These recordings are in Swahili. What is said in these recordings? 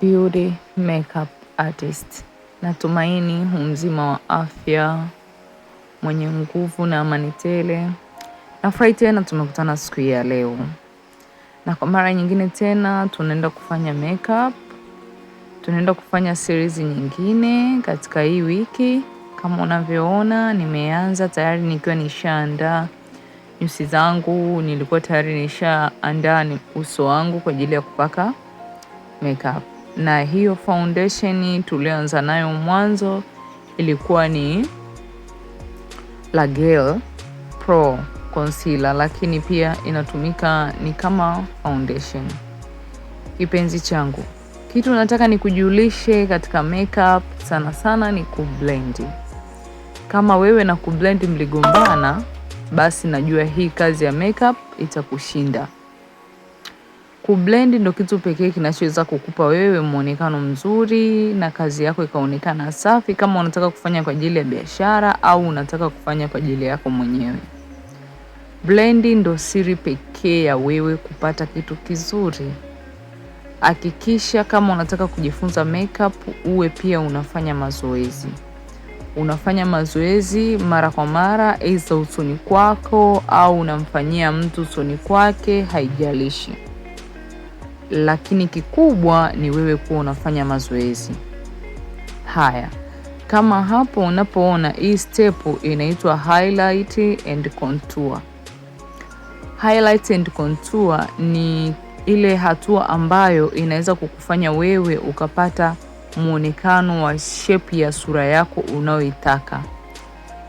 Beauty Makeup Artist. Natumaini humzima mzima wa afya, mwenye nguvu na amani tele. Nafurahi tena tumekutana siku ya leo, na kwa mara nyingine tena tunaenda kufanya makeup. Tunaenda kufanya series nyingine katika hii wiki. Kama unavyoona, nimeanza tayari nikiwa nishaandaa nyusi zangu, nilikuwa tayari nishaandaa uso wangu kwa ajili ya kupaka makeup na hiyo foundation tulioanza nayo mwanzo ilikuwa ni La Gel Pro Concealer, lakini pia inatumika ni kama foundation. Kipenzi changu, kitu nataka nikujulishe katika makeup sana sana ni kublendi. Kama wewe na kublendi mligombana, basi najua hii kazi ya makeup itakushinda kublend ndo kitu pekee kinachoweza kukupa wewe mwonekano mzuri na kazi yako ikaonekana safi kama unataka kufanya kwa ajili ya biashara au unataka kufanya kwa ajili yako mwenyewe. Blend ndo siri pekee ya wewe kupata kitu kizuri. Hakikisha kama unataka kujifunza makeup uwe pia unafanya mazoezi. Unafanya mazoezi mara kwa mara, aidha usoni kwako au unamfanyia mtu usoni kwake, haijalishi lakini kikubwa ni wewe kuwa unafanya mazoezi haya. Kama hapo unapoona hii step inaitwa highlight and contour. Highlight and contour ni ile hatua ambayo inaweza kukufanya wewe ukapata mwonekano wa shape ya sura yako unayoitaka.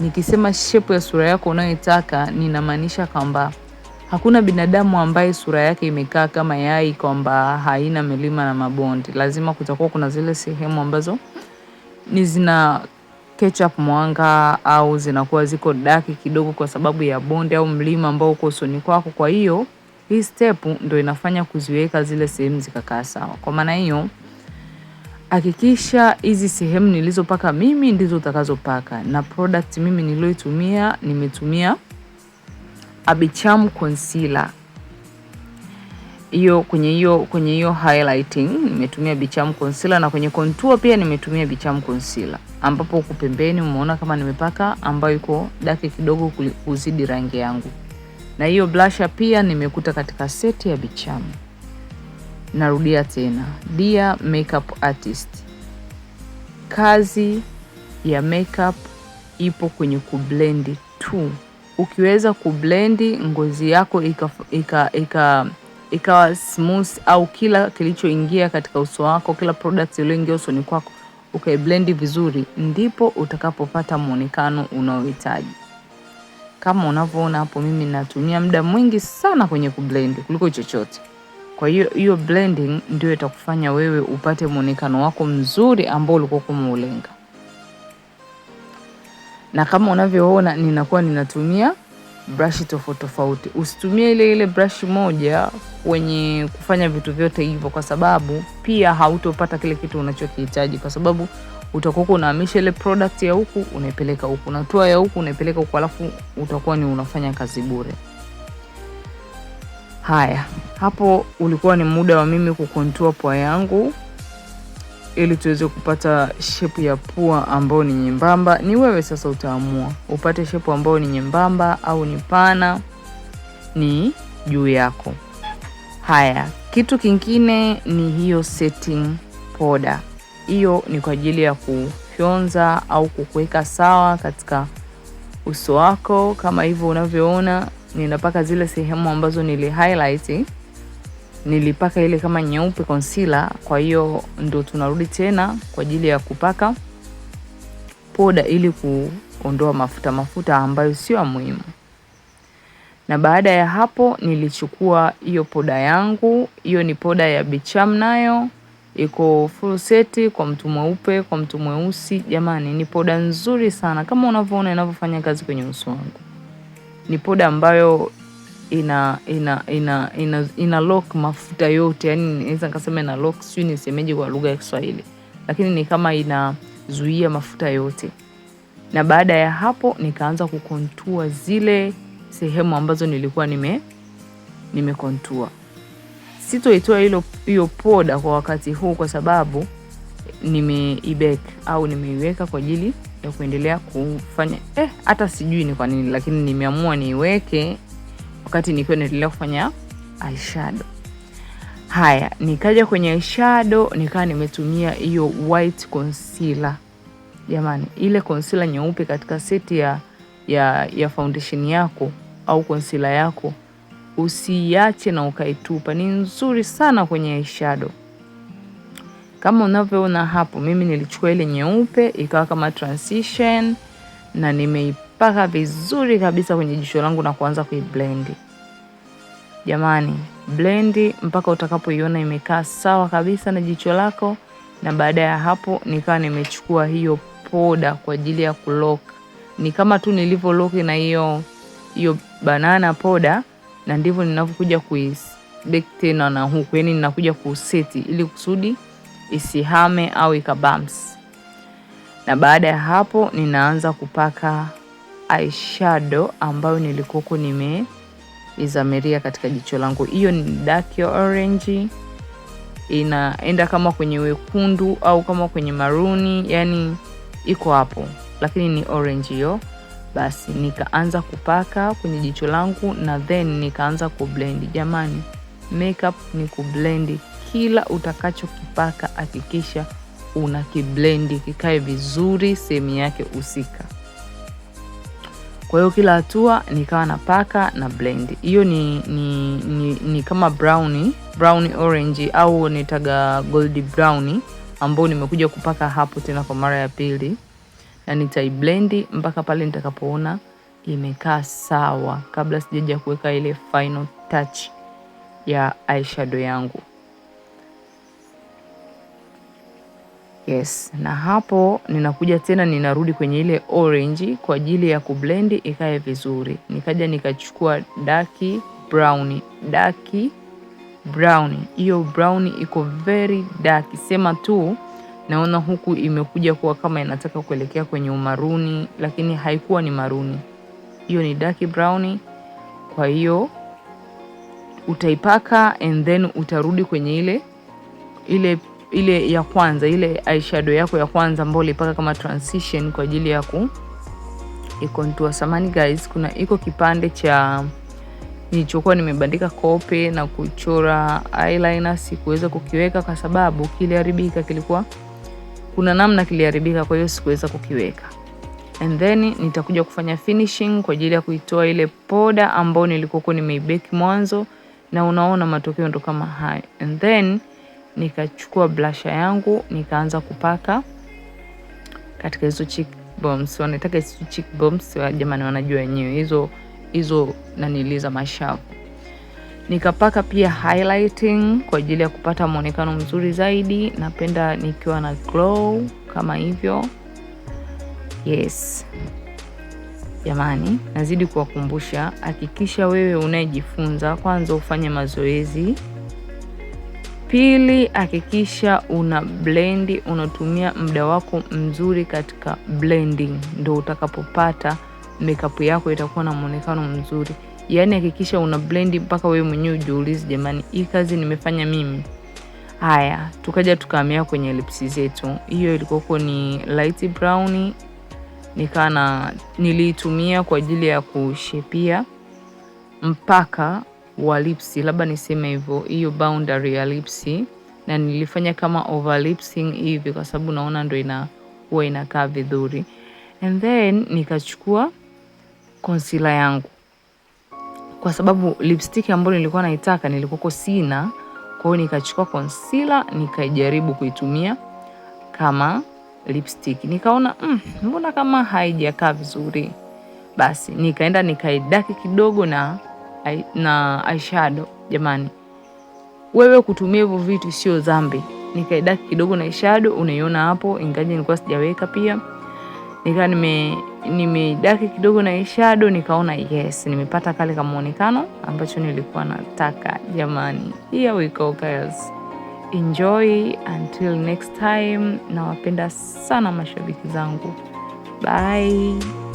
Nikisema shape ya sura yako unayoitaka ninamaanisha kwamba Hakuna binadamu ambaye sura yake imekaa kama yai kwamba haina milima na mabonde. Lazima kutakuwa kuna zile sehemu ambazo ni zina catch up mwanga au zinakuwa ziko daki kidogo kwa sababu ya bonde au mlima ambao uko usoni kwako. Kwa hiyo hii step ndo inafanya kuziweka zile sehemu zikakaa sawa. Kwa maana hiyo hakikisha hizi sehemu nilizopaka mimi ndizo utakazopaka, na product mimi niliyoitumia nimetumia Abicham concealer hiyo kwenye hiyo kwenye hiyo highlighting nimetumia Bicham concealer na kwenye contour pia nimetumia Bicham concealer, ambapo huku pembeni umeona kama nimepaka ambayo iko dark kidogo kuzidi rangi yangu, na hiyo blusher pia nimekuta katika seti ya Bicham. Narudia tena, dear makeup artist, kazi ya makeup ipo kwenye kublendi tu ukiweza kublendi ngozi yako ikawa ika, ika, ika smooth au kila kilichoingia katika uso wako, kila products iliyoingia usoni kwako ukaiblendi vizuri, ndipo utakapopata muonekano unaohitaji. Kama unavyoona hapo, mimi natumia muda mwingi sana kwenye kublendi kuliko chochote. Kwa hiyo hiyo blending ndio itakufanya wewe upate muonekano wako mzuri ambao ulikuwa kumeulenga na kama unavyoona ninakuwa ninatumia brashi tofauti tofauti. Usitumie ile ile brashi moja kwenye kufanya vitu vyote hivyo, kwa sababu pia hautopata kile kitu unachokihitaji, kwa sababu utakuwa unahamisha ile product ya huku unaipeleka huku, natua ya huku unaipeleka huku, alafu utakuwa ni unafanya kazi bure. Haya, hapo ulikuwa ni muda wa mimi kukontua pua yangu ili tuweze kupata shepu ya pua ambayo ni nyembamba. Ni wewe sasa utaamua upate shepu ambayo ni nyembamba au ni pana, ni juu yako. Haya, kitu kingine ni hiyo setting powder. Hiyo ni kwa ajili ya kufyonza au kukuweka sawa katika uso wako, kama hivyo unavyoona ninapaka zile sehemu ambazo nili highlight nilipaka ile kama nyeupe concealer. Kwa hiyo ndo tunarudi tena kwa ajili ya kupaka poda ili kuondoa mafuta mafuta ambayo sio muhimu. Na baada ya hapo nilichukua hiyo poda yangu, hiyo ni poda ya Bicham, nayo iko full set kwa mtu mweupe, kwa mtu mweusi. Jamani, ni poda nzuri sana, kama unavyoona inavyofanya kazi kwenye uso wangu. Ni poda ambayo ina ina ina ina, ina lock mafuta yote, yani naweza nikasema ina lock, sijui nisemeje kwa lugha ya Kiswahili, lakini ni kama inazuia mafuta yote. Na baada ya hapo nikaanza kukontua zile sehemu ambazo nilikuwa nime nimekontua. Sitoitoa hilo hiyo poda kwa wakati huu kwa sababu nimeibek au nimeiweka kwa ajili ya kuendelea kufanya eh, hata sijui ni kwa nini, lakini nimeamua niiweke wakati nikiwa naendelea kufanya eyeshadow. Haya, nikaja kwenye eyeshadow nikawa nimetumia hiyo white concealer. Jamani, ile concealer nyeupe katika seti ya, ya, ya foundation yako au concealer yako usiiache na ukaitupa, ni nzuri sana kwenye eyeshadow. Kama unavyoona hapo, mimi nilichukua ile nyeupe ikawa kama transition na nimeipa mpaka vizuri kabisa kwenye jisho langu na kuanza kuiblend. Jamani, blendi mpaka utakapoiona imekaa sawa kabisa na jicho lako, na baada ya hapo nikawa nimechukua hiyo poda kwa ajili ya kulock. Ni kama tu nilivyo lock na hiyo hiyo banana poda, na ndivyo ninavyokuja kuibake tena na huku, yani ninakuja kuseti ili kusudi isihame au ikabams, na baada ya hapo ninaanza kupaka eyeshadow ambayo nilikuwa nimeizamiria katika jicho langu. Hiyo ni dark ya orange, inaenda kama kwenye wekundu au kama kwenye maruni, yani iko hapo, lakini ni orange hiyo. Basi nikaanza kupaka kwenye jicho langu na then nikaanza kublend. Jamani, makeup ni kublendi. Kila utakachokipaka hakikisha una kiblendi kikae vizuri sehemu yake husika. Kwa hiyo kila hatua nikawa napaka na blend. Hiyo ni, ni, ni, ni kama brownie, brownie orange au nitaga gold brownie ambao nimekuja kupaka hapo tena kwa mara ya pili, na nitaiblendi mpaka pale nitakapoona imekaa sawa, kabla sijaja kuweka ile final touch ya eyeshadow yangu. Yes, na hapo ninakuja tena ninarudi kwenye ile orange kwa ajili ya kublendi ikae vizuri. Nikaja nikachukua dark brown, dark brown. Hiyo brown iko very dark. Sema tu naona huku imekuja kuwa kama inataka kuelekea kwenye umaruni, lakini haikuwa ni maruni, hiyo ni dark brown. Kwa hiyo utaipaka and then utarudi kwenye ile ile ile ya kwanza, ile eyeshadow yako ya kwanza ambayo ulipaka kama transition kwa ajili ya ku ikontua. Samani guys, kuna iko kipande cha nilichokuwa nimebandika kope na kuchora eyeliner, sikuweza kukiweka kwa sababu kiliharibika, kilikuwa kuna namna kiliharibika, kwa hiyo sikuweza kukiweka. And then nitakuja kufanya finishing kwa ajili ya kuitoa ile poda ambayo nilikuwa nimeibeki mwanzo, na unaona matokeo ndo kama hayo. And then nikachukua blasha yangu nikaanza kupaka katika hizo cheekbones. Wanataka hizo cheekbones, jamani, wanajua wenyewe hizo hizo naniliza mashavu. Nikapaka pia highlighting kwa ajili ya kupata mwonekano mzuri zaidi. Napenda nikiwa na glow kama hivyo. Yes jamani, nazidi kuwakumbusha, hakikisha wewe unayejifunza kwanza ufanye mazoezi Pili, hakikisha una blendi, unatumia muda wako mzuri katika blending, ndo utakapopata makeup yako itakuwa na muonekano mzuri. Yaani hakikisha una blendi mpaka wewe mwenyewe ujiulize, jamani, hii kazi nimefanya mimi? Haya, tukaja tukahamia kwenye lips zetu. Hiyo ilikuwa ni light brown, nikaa niliitumia kwa ajili ya kushepia mpaka wa lipsi, labda niseme hivyo, hiyo boundary ya lipsi, na nilifanya kama overlipsing hivi, kwa sababu naona ndo ina huwa inakaa vizuri, and then nikachukua concealer yangu, kwa sababu lipstick ambayo nilikuwa naitaka nilikuwa sina, kwa hiyo nikachukua concealer nikajaribu kuitumia kama lipstick, nikaona mm, mbona kama haijakaa vizuri, basi nikaenda nikaidaki kidogo na na eyeshadow. Jamani, wewe kutumia hivyo vitu sio dhambi. Nikaidaki kidogo na eyeshadow, unaiona hapo, ingaje nilikuwa sijaweka pia. Nika nime nimedaki kidogo na eyeshadow, nikaona yes, nimepata kale kama muonekano ambacho nilikuwa nataka. Jamani, here we go guys. Enjoy until next time. Nawapenda sana mashabiki zangu, bye.